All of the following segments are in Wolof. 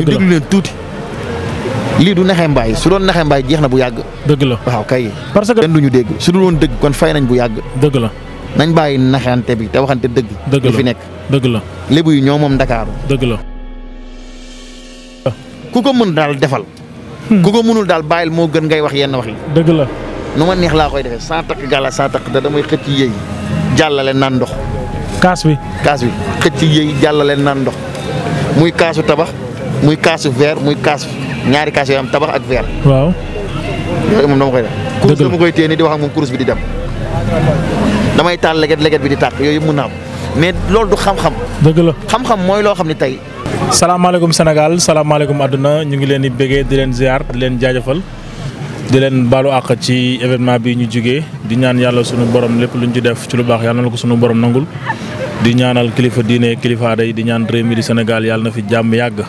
ñu déglu leen tuuti. lii du naxe mbaay su doon naxe jeex na bu yàgg. dëgg la waaw kay. parce que kenn du ñu dégg su dul woon dëgg kon fay nañ bu yàgg. dëgg la nañ bàyyi naxante bi te waxante dëgg. dëgg la fi nekk. dëgg la lébu yi ñoo moom Ndakaaru. dëgg la. ku ko mën daal defal. Hmm. ku ko mënul daal bàyyil moo gën ngay wax yenn wax yi. dëgg la. nu ma neex laa koy defee saa takk gala saa takk da damay yëy jàllale naan ndox. kaas bi kaas bi xëcc yëy jàllale naan ndox muy muy kaasu verre muy kaas ñaari kaas yam tabax ak verre. waaw yoy mom dama koy def. course dama koy téye di wax ak mom course bi di dem damay tal leget leget bi di tak yoy mu naa am mais lool du xam-xam. deug la xam-xam lo xamni tay salam alaykum senegal salam alaykum aduna ñu ngi leen di bégee di leen ziar di leen jaajeufal di leen balu ak ci événement bi ñu juggé di ñaan yalla suñu borom lepp luñ ci def ci lu baax yalla nako suñu borom nangul di ñaanal kilifa diine kilifa day di ñaan réew mi di senegal yalla na fi jamm yagg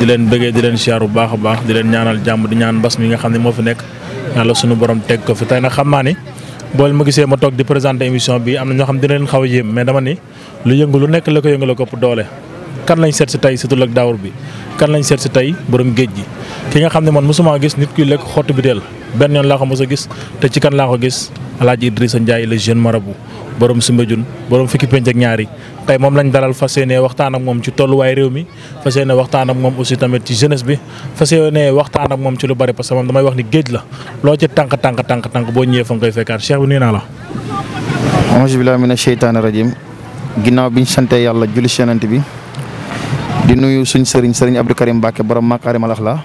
di leen bëggee di leen siyaar baax baax di leen ñaanal jàmm di ñaan mbas mi nga xam ne moo fi nekk yàlla sunu borom teg ko fi tey nag xam naa ni boole ma gisee ma toog di présenté émission bi am na ñoo xam dina leen xaw a yéem mais dama ni lu yëngu lu nekk la ko yëngu la ko doole kan lañ seet si tey surtout ak daawur bi kan lañ seet si tey borom géej gi ki nga xam ne man mosuma gis nit kuy lekk xottu biteel benn yoon laa ko mos a gis te ci kan alaaji Idrissa Ndiaye le jeune marabout borom Soumbédioune borom fiki penc ak ñaari tay mom lañ dalal fas waxtaan ak mom ci tollu way réew mi fas waxtaan ak mom aussi tamit ci jeunesse bi fas waxtaan ak mom ci lu bari parce que moom damay wax ni géej la lo ci tank tank tank tank bo ñëwee fa ngay fekkar cheikh bi nuyu naa la. auzu billahi minash shaitanir rajim ginnaaw biñ sante yalla julli senante bi di nuyu suñ serigne serigne Abdou Karim bakay borom Makarimal Akhlaq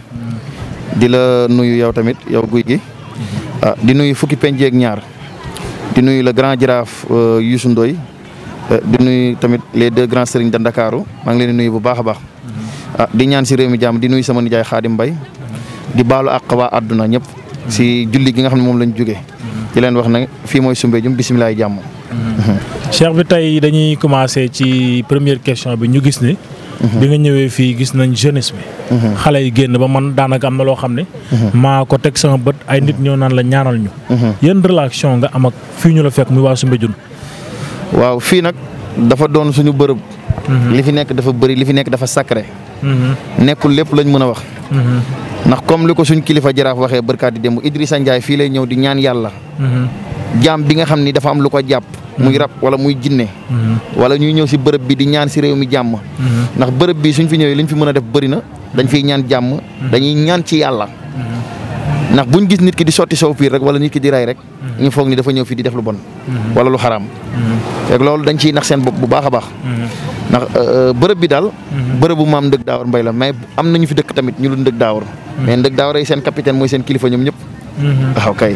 di la nuyu yow tamit yow guuy gi ah, di nuyu fukki penc ak ñaar. di nuyu le grand jaraaf euh, Youssou Ndoye euh, di nuyu tamit les deux grands sëriñ de Ndakaaru maa ngi leen nuyu bu baax a baax. Mhm. ah di ñaan si réew mi jàmm di nuyu sama nijaay xaa di Mbay di baalu àq waa àdduna ñëpp si mhm. julli gi nga xam ne moom lañ jógee. Mhm. di leen wax ne fii mooy Soumbédioune bisimilah jàmm. Cheikh bi tey dañuy commencé ci première question bi ñu gis ni bi nga ñëwé fi gis nañ jeunesse bi. xalé yi genn ba man daanaka am na lo xamné ne. maa ko teg sama bëtt ay nit ñëw naan la ñaanal ñu. yeen relation nga am ak fi ñu la fekk muy waa mbëjun waaw fi nak dafa doon suñu bërepp mhm. li fi nekk dafa bëri li fi nekk dafa sacré. Mhm. nekkul lepp lañ mëna wax. Mhm. nak comme liko suñu kilifa jaraaf waxee barkaati dem Idrissa Ndiaye fi lay ñëw di ñaan yalla jam bi nga xamni dafa am luko japp muy walau hmm. wala muy jinne hmm. wala ñuy ñëw si bërëb bi di ñaan si réew mi jamm nak bërëb bi suñ fi ñëwee liñ fi mëna def bari na dañ fi ñaan jamm hmm. dañuy ñaan ci yalla nak buñu gis nit ki di soti saw fi rek wala nit ki di ray rek ñu fogg ni dafa ñëw fi di def lu bon wala lu haram. rek loolu dañ ci nax seen bop bu baaxa baax nak euh, euh, bërëb bi dal bërëb bu maam ndëg daawar mbay la mais am nañu fi dëkk tamit ñu lu ndëg daawar mais ndëg daawar ay seen capitaine moy seen kilifa ñoom ñëpp waaw ah, kay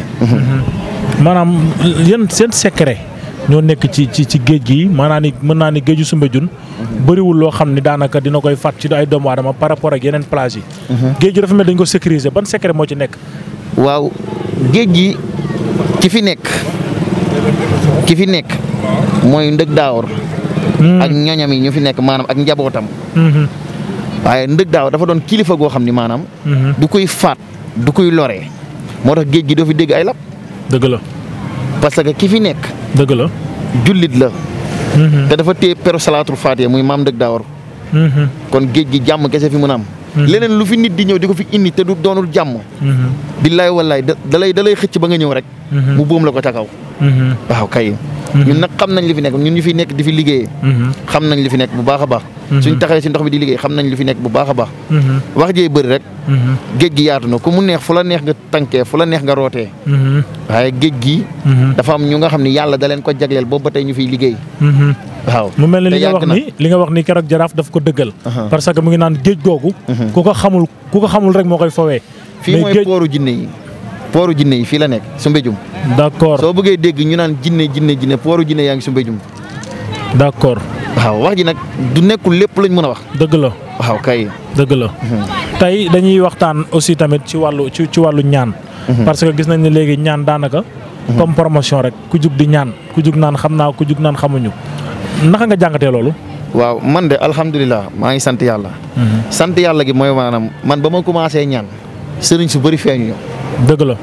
manam yéen seen secret ñoo nekk ci ci ci geej gi maanaam ni mën naa ni géeju Soumbédioune bëriwul loo xam ne daanaka dina koy fàtt ci ay doomu adama par rapport ak yeneen plage yi mhm. géej dafa mel dañ ko sécuriser ban secret moo ci nekk waaw géej gi ki fi nekk ki fi nekk mooy ndëg daawor hmm. ak ñoñam yi ñu fi nekk maanaam ak njabootam mhm. waaye ndëg dafa doon kilifa goo xam ni maanaam mhm. du koy faat du koy lore moo tax géej gi do fi dégg ay lap dëgg la parce que ki fi nekk dëgg la jullit la. Mhm. te dafa téye peru salaatul faatiha muy maam dëgg daawar. Mhm. kon géej gi jàmm kese fi mën a am. Mhm. leneen lu fi nit di ñëw di ko fi indi te du doonul jàmm. billaay wallaay da lay da xëcc ba nga ñëw rek. mu boom la ko ca kaw. waaw kay. Mhm. ñun nag xam nañ li fi nekk ñun ñu fi nekk di fi liggéeyee mhm. xam nañ li fi nekk bu baax a mhm. suñ taxawee si ndox mi di liggéey xam nañ li fi nekk bu baax a wax jee bëri rek géej gi la neex nga tànkee fu la neex nga rootee waaye dafa am ñu nga xam ne yàlla da leen ko jagleel boobu ba tey ñu fiy liggéey waaw mu mel ne li nga wax ni li nga wax ni keroog jaraaf daf ko dëggal parce que mu ngi naan géej googu ku ko xamul ku ko xamul rek moo koy fowee fii mooy pooru poru jinne yi fi la nekk Soumbédioune. d'accord so beugé dégg ñu naan jinne jinne jinne poru jinne yaangi ngi Soumbédioune. d'accord. waaw wax ji nak du nekul lepp lañ mëna wax. deug la. waaw kay. deug la. Mhm. tay dañuy waxtaan aussi tamit ci walu ci ci ñaan. Mhm. parce que gis nañ ni légui ñaan mhm. comme promotion rek ku jug di ñaan ku jug naan xamna ku jug naan xamuñu naka nga jàngatee lolu waaw man de alhamdullilah ma ngi sante yalla sante yalla gi moy manam man bama commencé ñaan serigne su bari feñu deug la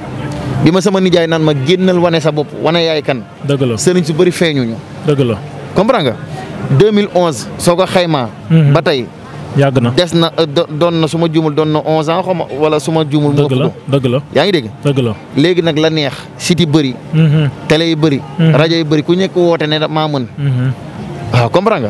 bima sama nijaay nan ma gennal wané sa bop wané yaay kan. deug la ci bari feñu ñu deug la comprendre nga 2011 soko xeyma ba tay yàgg na des na euh, don na suma jumul don na 11 ans xoma wala suma jumul. juumul. dëgg la dëgg la yaangi deug deug la legui nak la neex city bari bëri. Mhm. télé yi bari mhm. radio yi bari ku ñek woté né ma mën. Mhm. nga.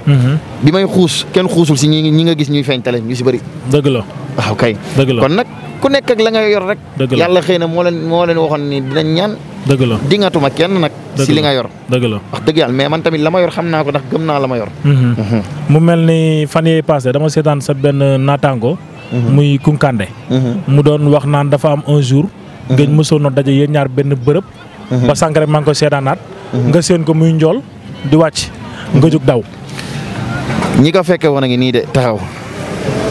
ñi nga gis ñuy feñ télé ñu ci bari deug la waaw ah, kay. dëgg la kon nag ku nekk ak la nga yor rek. dëgg la yàlla xëy na moo leen moo leen waxoon ni dinañ ñaan. dëgg la dingatuma kenn nag. si li nga yor. dëgg la wax dëgg yàlla mais man tamit la ma yor xam naa ko ndax gëm naa la ma yor. Mhm. Mhm. mu mel ni fan yee passé dama seetaan sa benn naataango. Mhm. muy Kunkande. mu doon wax naan dafa am un jour. ngeen mësoon a daje yéen ñaar benn bërëb. ba sànq rek ko seetaanaat. nga seen ko muy njool di wàcc. nga jóg daw. ñi ko fekke woon a ngi nii de taxaw.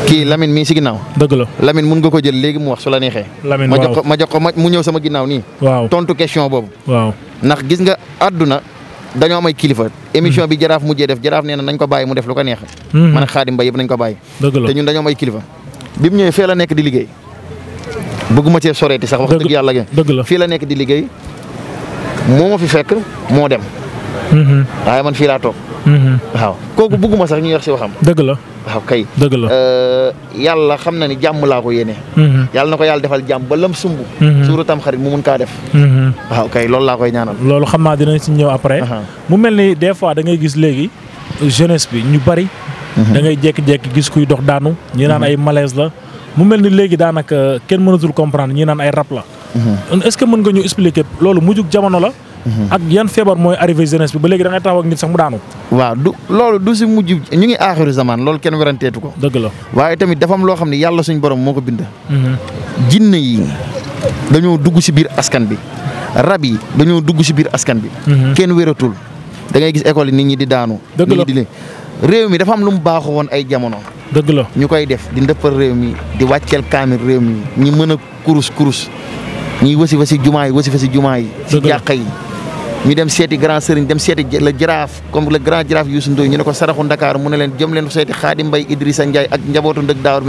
kii Lamine mii si ginnaaw. dëgg la Lamine mun nga ko jël léegi mu wax su la neexee. Lamine ma jox ko ma jox ko mu ñëw sama ginnaaw nii. waaw tontu question boobu. ndax gis nga àdduna dañoo am ay kilifa. émission bi jaraaf mujjee def jaraaf nee na nañ ko bàyyi mu def lu ko neex. Mhm. man ak Xaadim Ba yëpp nañ ko bàyyi. dëgg la te ñun dañoo am ay kilifa. bi mu ñëwee fee la nekk di liggéey bëgguma cee soreeti sax wax dëgg yàlla. dëgg la fii la nekk di liggéey moo ma fi fekk moo dem. Mm-hmm. waaye man fii laa toog. Mm-hmm. waaw kooku bëgguma sax ñuy wax si waxam. dëgg la waaw kay. dëgg la euh, yàlla xam na ni jàmm laa ko yéene. Mm-hmm. yàlla na ko yàlla defal jàmm ba lam sumb. suuru tam xarit mu mun kaa def. waaw kay loolu laa koy ñaanal. loolu xam naa dinañ si ñëw après. mu mel ni des fois da ngay gis léegi jeunesse bi ñu bari. da ngay jékki-jékki gis kuy dox daanu. ñu naan ay malaise la mu mel ni léegi daanaka kenn mënatul comprendre ñi naan ay rap la. est mën nga ñu la. Mhm. ak yan febar moy arrivé jeunesse bi ba légui da nga taw ak nit sax mu daanu. wa du du ci mujj ñu ngi akhiru zaman lolu kenn wérantétu ko. deug la waye tamit dafa am lo xamni yalla suñu borom moko bind hmm jinne yi dañu dugg ci bir askan bi rab yi dañoo dugg ci bir askan bi. Mhm. kenn wératul da ngay gis école nit ñi di daanu. nit di réew mi dafa am lu mu baax won ay jamono. deug la ñukoy def di ndeppal réew mi di waccel kaamil réew mi ñi mëna kurus kurus ni wasi wasi jumaa yi wasi wasi jumaa yi. ñu dem seeti grand sëriñ dem seeti la jaraaf comme le grand jaraaf Youssou Ndoye ñu ne ko saraxu Ndakaaru mu ne leen jëm leen seeti Xaadim Mbay Idrissa Ndiaye ak njabootu ndëg daawar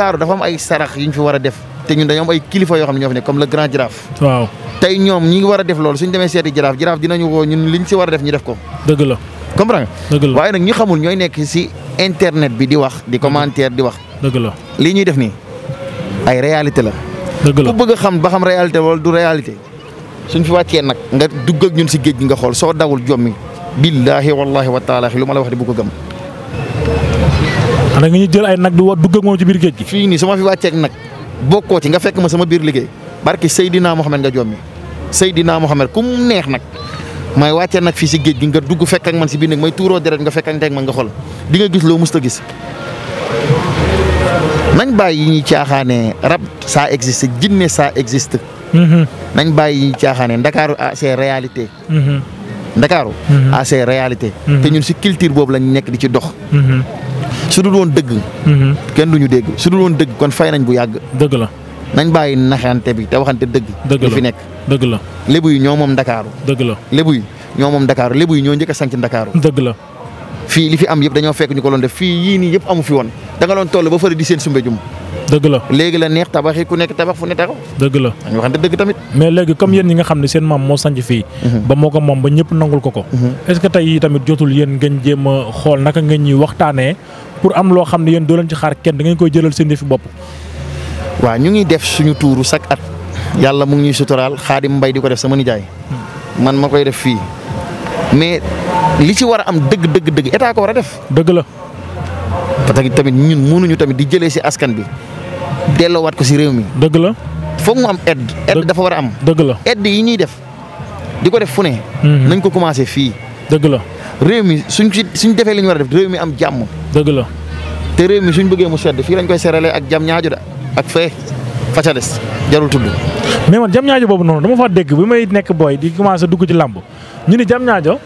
ah, ay sarax yu fi war a def te ñun dañoo ay kilifa yoo xam ne ñoo fi nekk comme le grand jaraaf. waaw tey ngi war a def loolu suñ demee seeti jaraaf jaraaf dinañu woo ñun liñ si war a def ñu def ko. dëgg la. comprendre nga. xamul ñooy nekk si internet bi di wax di commentaire di wax. dëgg la lii ñuy def nii ay réalité la ku bëgg xam ba xam réalité wala du réalité suñ fi wàccee nak nga dugg ak ñun si géej gi nga xol so dawul jommi billahi wallahi wa taala lu ma la wax di bu ko gëm. ana nga ñu jël ay nak du dugg ak moom ci bir géej gi. fi ni su fi wàcceeg nak bokkoo ci nga fekk ma sama bir liggéey barki sayidina muhammad nga jommi sayidina muhammad kum neex nak may wàccee nak fi ci géej gi nga dugg fekk ak man si bir nak may tuuroo deret nga fekk ak man nga xol di nga gis lo musta gis. nañ bàyyi yi ñuy caaxaanee rab ça existe jinne ça existe. Mm-hmm. nañ bàyyi yi ñuy caaxaanee Ndakaaru à ah, ses réalités. Mm-hmm. Ndakaaru. Mm-hmm. a ah, ses réalités. te ñun si culture boobu lañ nekk di ci dox. su dul woon dëgg. kenn du ñu dégg su dul woon dëgg kon fay nañ bu yàgg. dëgg la. nañ bàyyi naxante bi te waxante dëgg. dëgg la fi nekk dëgg la. lébu yi ñoo moom Ndakaaru. dëgg la lébu yi ñoo moom Ndakaaru njëkk a sanc Ndakaaru. fii li am yëpp dañoo fekk ñu ko fii yii nii yëpp amu fi woon. da nga lon tollu ba di seen sumbe jum deug la legui la neex tabaxi ku nekk tabax fu ne taxaw deug la ñu waxante deug tamit mais legui comme yeen yi nga xam ne seen maam moo sanc mhm. ba moko mom ba ñepp nangul ko ko mhm. est ce que tey tamit jotul yeen ngeen jëm xol naka ngeen ñi waxtane pour am lo xam yeen do leen ci xaar kenn da ngeen koy jëlal seen bop wa ñu ngi def suñu touru sak at yalla mu ngi sutural khadim mbay diko def sama nijaay hmm. man makoy def fi mais li ci wara am deug deug deug état ko wara def deug la parce tamit ñun mënuñu tamit di jëlee si askan bi delloowaat ko si réew mi. dëgg la. foog mu am aide. aide dafa war a am. dëgg la aide yi ñuy def di ko def fu ne. Mhm. nañ ko commencé fii. dëgg la réew mi suñ ci suñ defee li ñu war a def réew mi am jàmm. dëgg la te réew mi suñ bëggee mu sedd fii lañ koy serale ak jam ñaajo da ak fee faca des jarul tudd. mais jam ñaajo boobu noonu dama fa dégg bi may nekk booy di commencé dugg ci làmb ñu ni jam ñaajo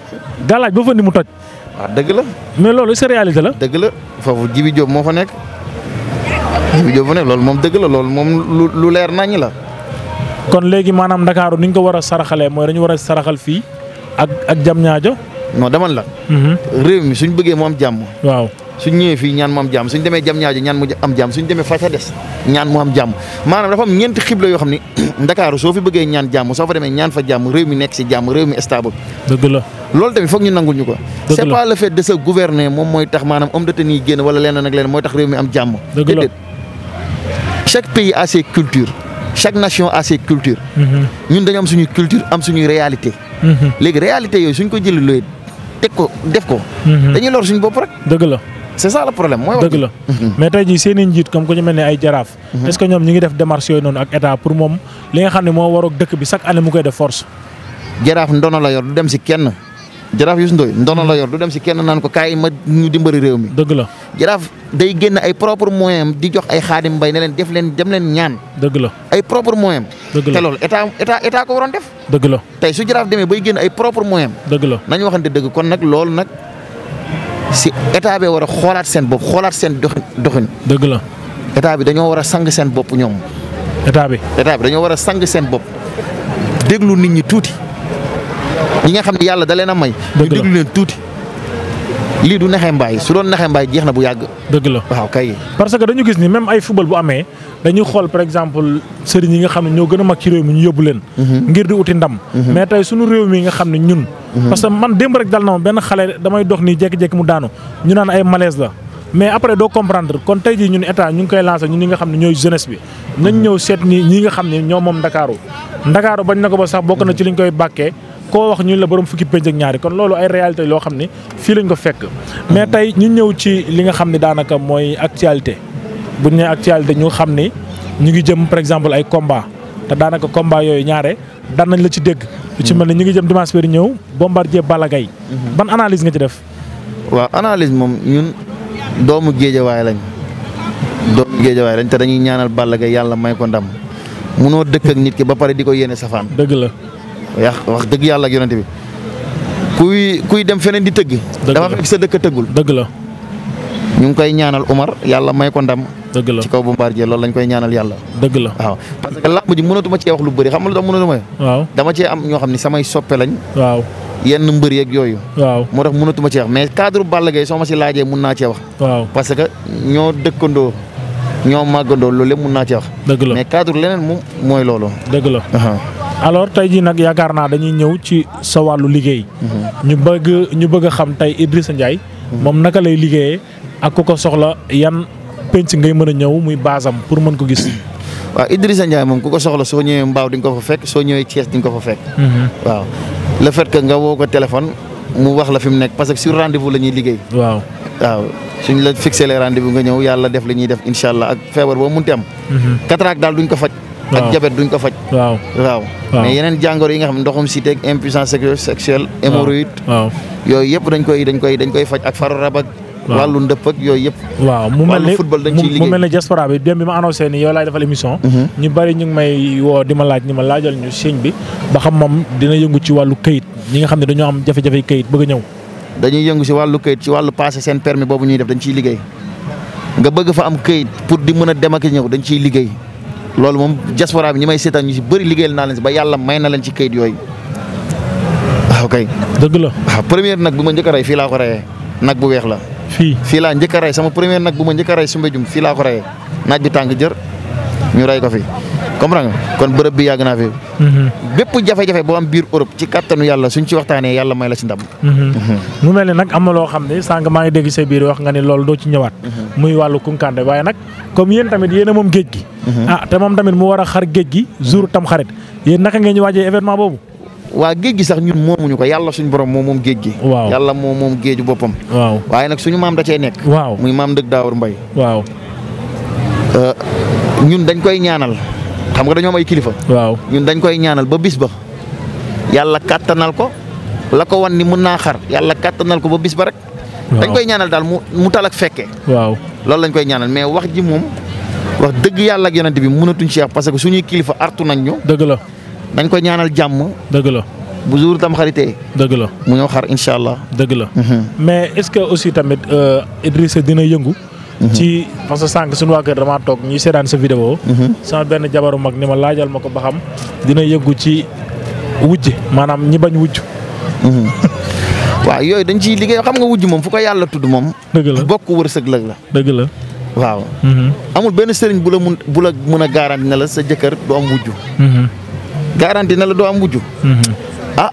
galaaj ba fa ni mu toj. waaw ah, dëgg la. mais loolu sa réalité la. dëgg la foofu Jibi Diop moo fa nekk Jibi Diop fa nekk loolu moom dëgg la loolu moom lu lu leer naññ la. kon léegi maanaam Ndakaaru ni ñu ko war a saraxalee mooy dañu war a saraxal fii ak ak Diamniadio no dama la. Mhm. réew mi suñ bëggee mu am jàmm. waaw suñ ñëwee fii ñaan mu am jàmm suñ demee jam ñaajo ñaan mu am jàmm suñ demee fàcce des ñaan mu am jàmm maanaam dafa am ñeenti xibla yoo xam ni Ndakaaru soo fi bëggee ñaan jàmm soo fa demee ñaan fa jàmm réew mi nekk si jàmm mi stable. dëgg tamit foog ñu nangul ñu ko. dëgg la c'est pas le moom mooy tax maanaam homme de tenue yi génn wala leneen ak leneen mooy tax réew mi am jàmm. dëgg chaque pays a ses cultures. chaque nation a ses mhm. ñun dañoo am suñuy culture am suñuy réalité mhm. léegi réalité yooyu suñ ko teg def ko. Mhm. dañuy lor suñu bopp rek. dëgg la. c' ça le problème moy deug la mhm. mais tay ji seen njit comme ko ñu melni ay jaraaf. Mhm. est ce que ñom ñu ngi def démarche yoy non ak état pour mom li nga xamni mo waro dekk bi chaque année mu koy def force. jaraaf ndono la yor du dem si kenn jaraaf Youssou Ndoye ndono la yor du dem si kenn nan ko kay ma ñu dimbali rew mi. deug la jaraaf day génn ay propre moyen di jox ay xaadim mbay na leen def leen dem leen ñaan. dëgg la ay propre moyen dëgg la te loolu état état état ko waroon def. dëgg la tey su jaraaf demee bay génn ay propre moyen dëgg la nañu waxante dëgg kon nag loolu nag si état be war a xoolaat seen bopp xoolaat seen doxin doxin. dëgg la état bi dañoo war a sang seen bopp ñoom. état bi état dañoo war a sang seen bopp déglu nit ñi tuuti ñi nga xam ne yàlla da leen a may. dëgg la leen tuuti. lii du naxe mbaay su doon naxe mbaay jeex na bu yàgg. dëgg la waaw kay. parce que dañu gis ni même ay football bu amee dañuy xool par exemple sëriñ yi nga xam ne ñoo gën a mag ci réew mi ñu yóbbu leen. Mhm. ngir di uti ndam. Mhm. mais tey sunu réew mi nga xam ne ñun. Mhm. parce que man démb rek dal na ma benn xale damay dox ni jékki-jékki mu daanu ñu naan ay malaise la. mais après doo comprendre kon tey jii ñun état ñu ngi koy lancé ñun ñi nga xam ne ñooy jeunesse bi nañ ñëw seet ñi nga xam ne ñoo moom Ndakaaru Ndakaaru bañ na ko ba sax bokk na ci liñ koy bàkkee koo wax ñu la borom fukki pénc ak ñaari kon loolu ay réalité loo xam ne fii lañ ko fekk. mais tey ñu ñëw ci li nga xam ne daanaka mooy actualité bu ñu nee actualité ñu xam ni ñu ngi jëm par exemple ay combat te daanaka combat yooyu ñaare daan nañ la ci dégg. lu ci mel ne ñu ngi jëm dimanche bi ñëw Bombardier Balla Gaye mhm. ban analise nga ci def. waaw analise moom ñun doomu géejawaay lañ doomu géejawaay lañ te dañuy ñaanal Balla yàlla may ko ndam munoo dëkk ak nit ki ba pare di ko yéene safaan. dëgg la wax wax dëgg yàlla ak yonent bi kuy kuy dem feneen di tëgg. dafa fekk sa dëkk tëggul. dëgg la. ñu ngi koy ñaanal Umar yàlla may ko ndam. dëgg la ci kaw Bombardier loolu lañ koy ñaanal yàlla. dëgg la waaw parce que làmb ji mënatuma ci wax lu bëri xam nga lu tax mënatuma waaw dama cee ñoo xam ni samay soppe lañ. waaw yenn mbër yeeg yooyu. moo tax mënatuma cee wax mais cadre Balla Gaye soo ma si laajee mun naa cee wax. waaw parce que ñoo dëkkandoo ñoo màggandoo loolu lépp mun naa cee wax. dëgg la mais cadre leneen moom mooy loolu. alors tay ji nak yaakaar naa dañuy ñëw ci sa walu liggéey. Mhm. ñu bëgg ñu bëgg a xam tay Idrissa Ndiaye. mom mhm. naka lay liggéeyee ak ku ko soxla yan pench ngay mëna a ñëw muy baasam pour mën ko gis. wa Idrissa Ndiaye mom ku ko soxla so ñëwee Mbaaw di nga ko fa fekk so ñëwee Thiès di nga ko fa fekk. Mhm. waaw le fait que nga wo ko téléphone mu wax la fim nek parce que sur rendez-vous lañuy liggéey. waaw waaw suñ la fixé les rendez-vous nga ñëw yalla def lañuy def inshallah ak feebar boo munti am. cataracte dal duñ ko fajj ak jabet duñ ko faj. waaw waaw. mais yeneen jàngoro yi nga xam ne ndoxum cité ak impuissance sexuelle. hémorroïde yooyu yëpp dañ koy dañ koy dañ koy faj ak faru rab ak. wàllu ndëpp ak yooyu yëpp. waaw mu mel ni football dañ ciy liggéey mel ni diaspora bi dem bi ma annoncé ni yow laay defal émission. Mhm. ñu bari ñu ngi may woo di ma laaj ni ma laajal ñu signe bi ba xam moom dina yëngu ci wàllu këyit ñi nga xam ne dañoo am jafe-jafe këyit bëgg a ñëw. dañuy yëngu si wàllu këyit ci wàllu passé seen permis boobu ñuy def dañ ciy liggéey nga bëgg fa am këyit pour di mën a dem ak ñëw dañ ciy liggéey loolu moom diaspora ñi may seetaan ñu si bëri liggéeyal naa leen si ba yàlla may na leen ci kayit yooyu waaw ah, kay. dëgg la ah, première nag bu ma njëkk a rey fii laa ko reyee nag bu weex la. fii fii laa njëkk a rey sama première nag bu ma njëkk a rey jum fii laa ko naaj bi tàng jër ñu rey ko fi. comprendre nga kon bërëb bi yàgg naa fi. Mhm. bépp jafe-jafe boo am biir Europe ci kattanu yàlla suñ ci waxtaanee yàlla may la ci ndam. Mhm. Mhm. mu mel ne nag am loo xam ne sànq maa ngi dégg sa biir wax nga ni loolu doo ci ñëwaat. muy wàllu kunkande waaye nag comme yéen tamit yéen moom géej gi. ah te moom tamit mu war a xar géej gi jour tam xarit yéen naka ngeen waajee événement boobu. waa géej gi sax ñun moomuñu ko yàlla suñu borom moom moom géej gi. waaw yàlla moom moom géeju boppam. waaw waaye da cee nekk. waaw muy maam dëgg Daawar Mbay. waaw euh, ñun dañ koy ñaanal xam nga dañoo am kilifa. waaw ñun dañ koy ñaanal ba bis ba yàlla kàttanal ko la ko wan ni mën naa xar yàlla kàttanal ko ba bis ba rek. dañ koy ñaanal daal mu mu tal ak fekkee. waaw loolu lañ koy ñaanal mais wax ji moom wax dëgg yàlla ak yonent bi mënatuñ ci wax parce que suñuy kilifa artu nañ ñu. dëgg la dañ koy ñaanal jàmm. dëgg la bu jour tam dëgg la mu ñëw xar incha allah. dëgg la. Mhm. mais est-ce que aussi tamit euh, Idrissa dina yëngu. ci parce que sànq suñu waa kër damaa toog ñuy seetaan sa vidéo. sama benn jabaru mag ni ma laajal ma ko ba xam dina yëngu ci wujj maanaam ñi bañ wujj. waaw yooyu dañ ciy liggéey xam nga wujj moom fu ko yàlla tudd moom. dëgg la bokk wërsëg la la. dëgg la. waaw. Mhm. amul benn sëriñ bu la mun bu la mun a garanti na la sa jëkkër du am wujj. Mhm. garanti na la doo am wujj. Mhm. ah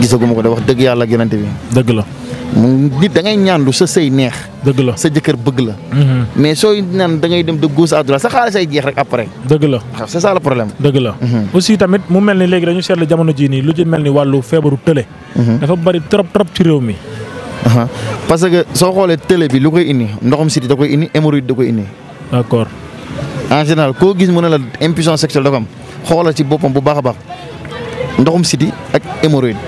gisaguma ko de wax dëgg yàlla gënante bi. dëgg la. mu nit da ngay ñaan lu sa sëy neex. dëgg la sa jëkkër bëgg la. Mhm. mais sooy ñaan da dem de gauche à droite sa xaalis ay jeex rek après. dëgg la xam c'est problème. dëgg la mhm. aussi tamit mu mel ni léegi dañu seetlu jamono jii nii lu ci mel ni wàllu feebaru tële. Mhm. dafa bari trop trop ci réew mi. parce que soo xoolee tële bi lu koy indi ndoxum siti da koy indi hémorroïde da koy ini d'accord en général koo gis mu ne la impuissance sexuelle da am xoolal ci boppam bu baax a baax ndoxum siti ak hémorroïde.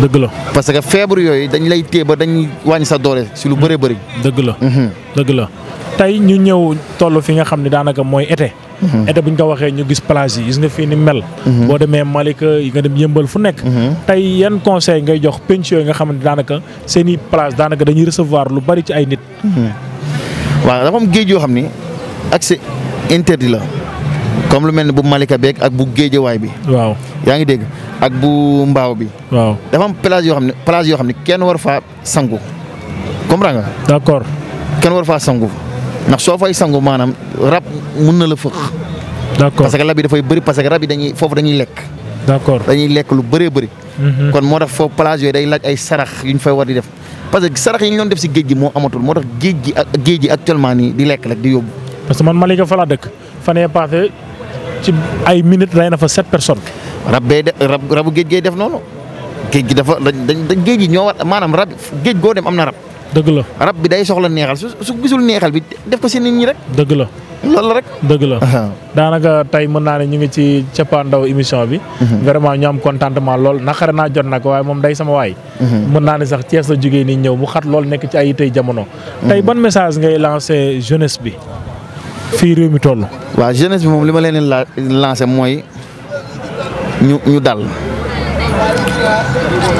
dëgg la parce que feebar yooyu dañ lay téye ba dañ wàññi sa doole si lu bëree bëri. dëgg la. Mhm. dëgg la tey ñu ñëw toll fi nga xam ne daanaka mooy été. Mhm. été bu ñu ko waxee ñu gis plage yi gis nga fii ni mel. Mhm. boo demee Malika yi nga dem yëmbal fu nekk. tey yan conseil ngay jox penc yooyu nga xam ne daanaka seen i plage daanaka dañuy recevoir lu bari ci ay nit. waaw dafa am géej yoo xam ni accès interdit la. comme lu mel bu Malika beeg ak bu Géejawaay bi. waaw yaa ngi dégg ak bu Mbaaw bi. waaw dafa am plage yoo xam ne plage yoo xam ne kenn war faa sangu comprends nga. d'accord kenn war faa sangu ndax soo fay sangu maanaam rab mun na la fëq. d'accord parce que rab yi dafay bëri parce que rab yi dañuy foofu dañuy lekk. d'accord dañuy lekk lu bëree bëri. Mhm. kon moo tax foofu plage yooyu day laaj ay sarax yu fay war di def parce que sarax yi ñu def si géej gi moo amatul moo tax géej gi actuellement nii di lek lek di yóbbu. parce que man Malika fa laa dëkk fan yee passé ci ay minutes rey na fa sept personnes. rab bee de rab rabu géej gee def noonu géej gi dafa dañ dañ géej gi ñoo war maanaam rab géej goo dem am na rab. dëgg la rab bi day soxla neexal su su gisul neexal bi def ko si nit ñi rek. dëgg la loolu rek. dëgg la daanaka tey mën naa ne ñu ngi ci cappaandaw émission bi. Mhm. vraiment ñu am contentement lool xare naa jot nag waaye moom day sama waay. Mhm. mën naa ne sax Cees la jógee nii ñëw mu xat lool nekk ci ay tey jamono. Mhm. tey ban message ngay lancé jeunesse bi. fii réew mi toll. waa jeunesse bi moom li ma leen di la lancé mooy ñu ñu dal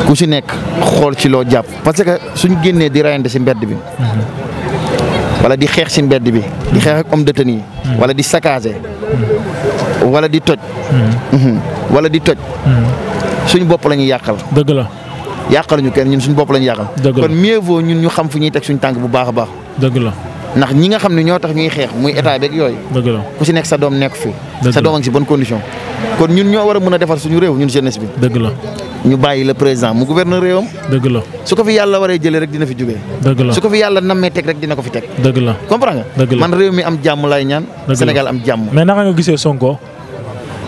ku si nekk xool ci loo jàpp parce que suñ génnee di rayante si mbedd bi. wala di xeex si mbedd bi. di xeex ak homme de tenue yi. wala di saccager. wala di toj. wala di toj. suñ bopp la ñuy yàqal. dëgg la. yàqal ñu kenn ñun suñ bopp la ñuy yàqal. dëgg la kon mieux vaut ñun ñu xam fu ñuy teg suñ tànk bu baax a baax. dëgg la. ndax ñi nga xamni ñoo tax ñuy xex muy état beeg yooyu. dëgg la ku ci nek sa dom nek fi. sa dom a ngi bonne condition. kon ñun ñoo wara mëna défar suñu réew ñun jeunesse bi. deug la ñu bayyi le président mu gouverneur réewam. deug la su ko fi yalla waree jël rek dina fi jugee. deug la su ko fi yalla namé tek rek dina ko fi tek deug la comprends nga. deug la man réew mi am jamm lay ñaan. Sénégal am jamm mais naka nga gissé Sonko.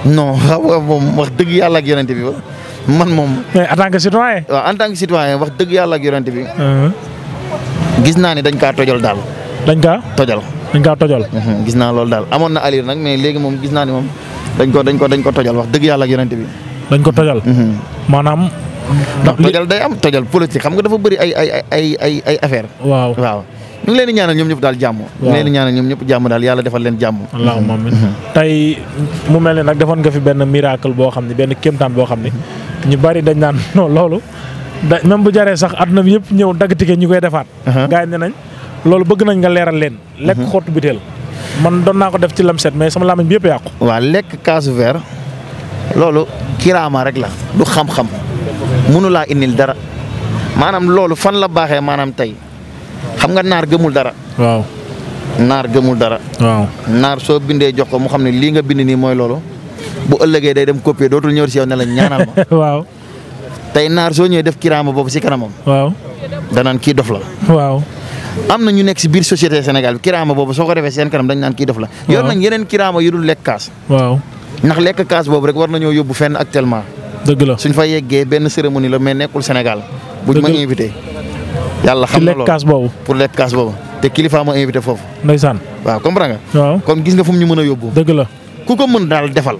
non xaw moom wax deug yalla ak yonente bi man mom mais en tant que citoyen. wa en tant que citoyen wax deug yalla ak yonente bi. hmm gis na ni dañ ka tojol dal dañ kaa tojal dañ kaa tojal mhm, gis naa loolu daal amoon na alir nag mais léegi moom gis naa ni moom dañ ko dañ ko dañ ko tojal wax dëgg yàlla ak yonent bi dañ ko tojal mhm. maanaam ndax tojal day am tojal politique xam nga dafa bëri ay ay ay ay waaw waaw ñu leen di ñoom ñëpp daal jàmm ñu ngi leen di ñoom ñëpp jàmm daal yàlla defal leen jàmm allahumma amin mhm. tey mu mel ne nag defoon nga fi benn miracle boo xam ne benn kéemtaan boo xam ne ñu bari dañ naan non loolu da même bu jaree sax àdduna bi yëpp ñëw dagg tike ñu koy defaat uh-huh. gaay ne nañ loolu bëgg nañ nga leeral leen. lekk mhm. xottu butéel man doon naa ko def ci lamset mais sama làmmiñ bi yëpp yàqu. waaw lekk kaasu verre loolu kiraama rek la du xam-xam mënu laa indil dara maanaam loolu fan la baaxee maanaam tey xam nga naar gëmul dara. waaw naar gëmul dara. waaw naar soo bindee jox ko mu xam ne lii nga bind nii mooy loolu bu ëllëgee day dem copier dootul ñëw si yow ne la ñaanal ma. waaw tey naar soo ñëwee def kiraama boobu si kanamam. waaw danaan kii dof la. am na ñu nekk si biir société Sénégal bi kiraama boobu soo ko defee seen kanam dañ naan kii def la. yor nañ yeneen kiraama yu dul lekk kaas. waaw ndax lekk kaas boobu rek war nañoo yóbbu fenn actuellement. dëgg la suñ fa yeggee benn cérémonie la mais nekkul Sénégal. buñ ma invité. yàlla xam na loolu kaas boobu. pour lekk kaas boobu te kilifa ma invité foofu. saan waaw comprendre nga. waaw kon gis nga fu mu ñu mën a yóbbu. dëgg la ku ko mën daal defal.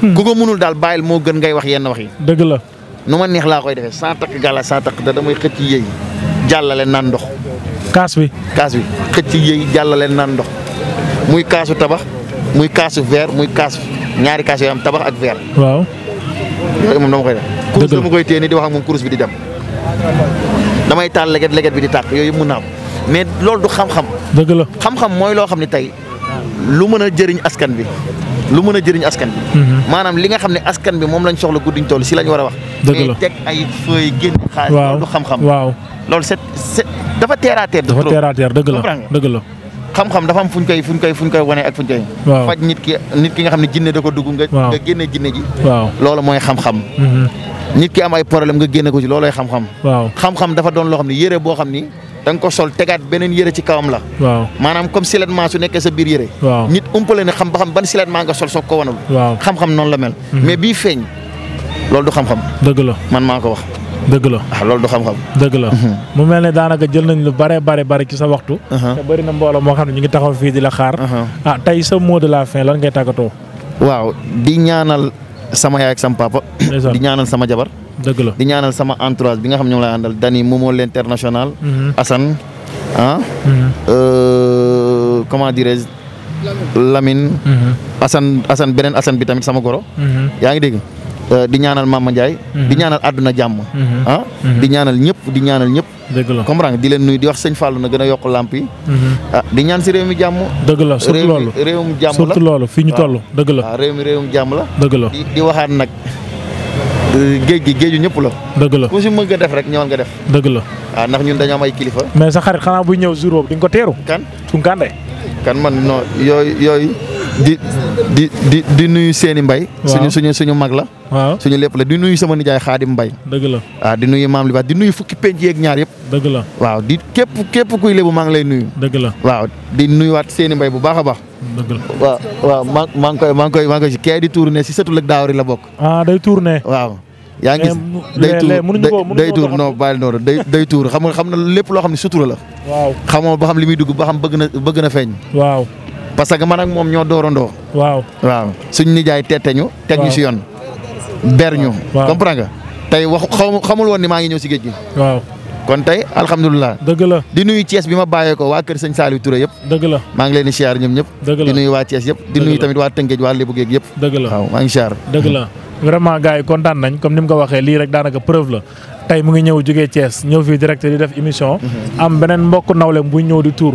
Hmm. ku ko mënul daal bàyyil moo gën ngay wax yenn wax yi. dëgg la nu ma neex laa koy defee sans takk gala sans takk da damay xëcc yéey jàllale naan ndox. kaas bi kaas bi xëcc yi jàllale naan ndox muy kaasu tabax muy kaasu verre muy kaas ñaari kaas yoo am tabax ak verre. waaw. yooyu moom dama koy def. kurus dama bi di dem. damay taal leget leget bi di tàkk yooyu mun naa am mais loolu du xam-xam. dëgg mooy loo xam ne tey lu mën a jëriñ askan bi lu mën a jëriñ askan bi. Mhm. maanaam li nga xam ne askan bi moom lañ soxla guddiñ toll si lañ war a wax. dëgg la teg ay feuilles génn xaalis. loolu du xam-xam. loolu set set dafa terre à terre. dafa terre dëgg la xam-xam dafa am fuñ koy fuñ koy fuñ koy wane ak fuñ koy. waaw faj nit ki nit ki nga xam ne jinne da ko dugg. nga nga génne jinne ji. waaw loolu mooy xam-xam. Mhm. nit ki am ay problème nga génne ko ci loolooy xam-xam. waaw xam dafa doon loo xam ne yére boo xam ni. da ko sol tegaat beneen yére ci kawam la. waaw maanaam comme siletement su nekkee sa biir yére. waaw nit umpale ne xam ba xam ban siletement nga sol soog ko wanul. xam-xam noonu la mel. Mhm. mais bii feeñ loolu du xam dëgg la man maa ko wax. dëgg la waaw ah, loolu du xam-xam dëgg la mhm. mu mel ne daanaka jël nañ lu bare bare bare ci sa waxtu mhm. te bëri na mbooloo moo xam ne ngi taxaw fii di la xaar mhm. ah tey sa mot de la fin lan ngay tàggatoo waaw di ñaanal sama yaay ak sama papa di ñaanal sama jabar dëgg la di ñaanal sama entourage bi nga xam ñoom lay àndal dani Momo l'international asan ah euh, comment dirais-je Lamine asan asan beneen asan bi tamit sama goro yaa ngi dégg Euh, di ñaanal Mama Ndiaye. Mhm. di ñaanal àdduna jàmm. Mhm. Ah, mhm. di ñaanal ñëpp di ñaanal ñëpp. dëgg la comprendre di leen nuyu di wax sëñ Fallou na gën a yokk làmp yi. Ah, di ñaan si réew mi jàmm. dëgg la surtout loolu réewum jàmm la surtout loolu fii ñu ah. toll dëgg la. waaw réew mi réewum jàmm la. dëgg la di waxaat nag euh, géej gi géeju ñëpp la. dëgg la ku si mën nga def rek ñëwal nga def. dëgg la waaw ndax ñun dañoo am ay kilifa. mais sa xarit xanaa buy ñëw jour boobu di nga ko teeru. kan Koungheul. kan man non yooyu. di di di nuyu seeni mbay. suñu suñu suñu mag la. waaw suñu lépp la di nuyu sama nijaay xaadim mbay. dëgg la waaw di nuyu maam li baax di nuyu fukki penc yeeg ñaar yëpp. dëgg la waaw di képp képp kuy lébu maa ngi lay nuyu. dëgg la waaw di waat seeni mbay bu baax a baax. dëgg la waaw waaw maa maa koy maa ngi koy maa ngi koy si kee di tourné si sëtul ak daawri la bokk. ah day tourné waaw. yaa ngi day tuur day tuur non bàyyi noonu day day tuur xam nga xam na lépp loo xam ne sutura la. waaw xamoo ba xam li muy dugg ba xam bëgg na bëgg na feeñ. parce que man ak moom ñoo doorandoo. waaw waaw suñ nijaay tette ñu. teg ñu si yoon. ber ñu. comprends nga tey wax xamul woon ni maa ngi ñëw si géej gi. waaw kon tey alhamdulilah. dëgg la di nuyu Thiès bi ma bàyyee ko waa Kër Sëñ Saliou Touré yëpp. dëgg la maa ngi leen di siyaar ñoom ñëpp. dëgg la di nuyu waa Thiès yëpp. di nuyu tamit waa Tëngéej waa Lebu Géej yëpp. dëgg la waaw maa ngi siyaar. dëgg la vraiment gars yi kontaan nañ comme ni mu ko waxee lii rek daanaka preuve la. tey mu ngi ñëw jógee Thiès ñëw fii direct di def émission. Mhm. am beneen mbokk nawlem bu ñëw di tour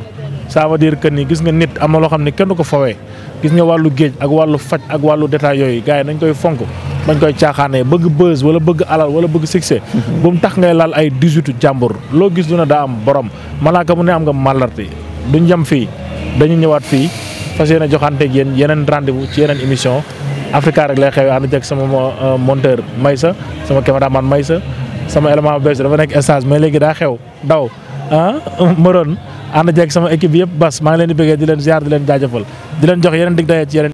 ça veut dire que ni gis nga nit am na loo kenn ko gis nga walu geej ak walu fajj ak walu détail yoy gaay nañ koy fonk bañ koy caaxaanee bëgg buzz wala bëgg alal wala bëgg succès mhm. bu mu tax ngay laal ay 18 jambour lo gis du da am borom malaka mu ne am nga malarté duñ jam fi dañu ñëwaat fii fas yéene ak yeen yenen rendez-vous ci yenen émission Africa rek lay xewee ànd ak sama euh, monteur Maysa sama cameraman Maysa sama élément bëss dafa nek stage mais légui da xew daw ah mëroon ànd jeeg sama équipe bi yëpp bas maa ngi leen di bëggee di leen ziar di leen jaajëfal di leen jox yeneen dig daje ci yeneen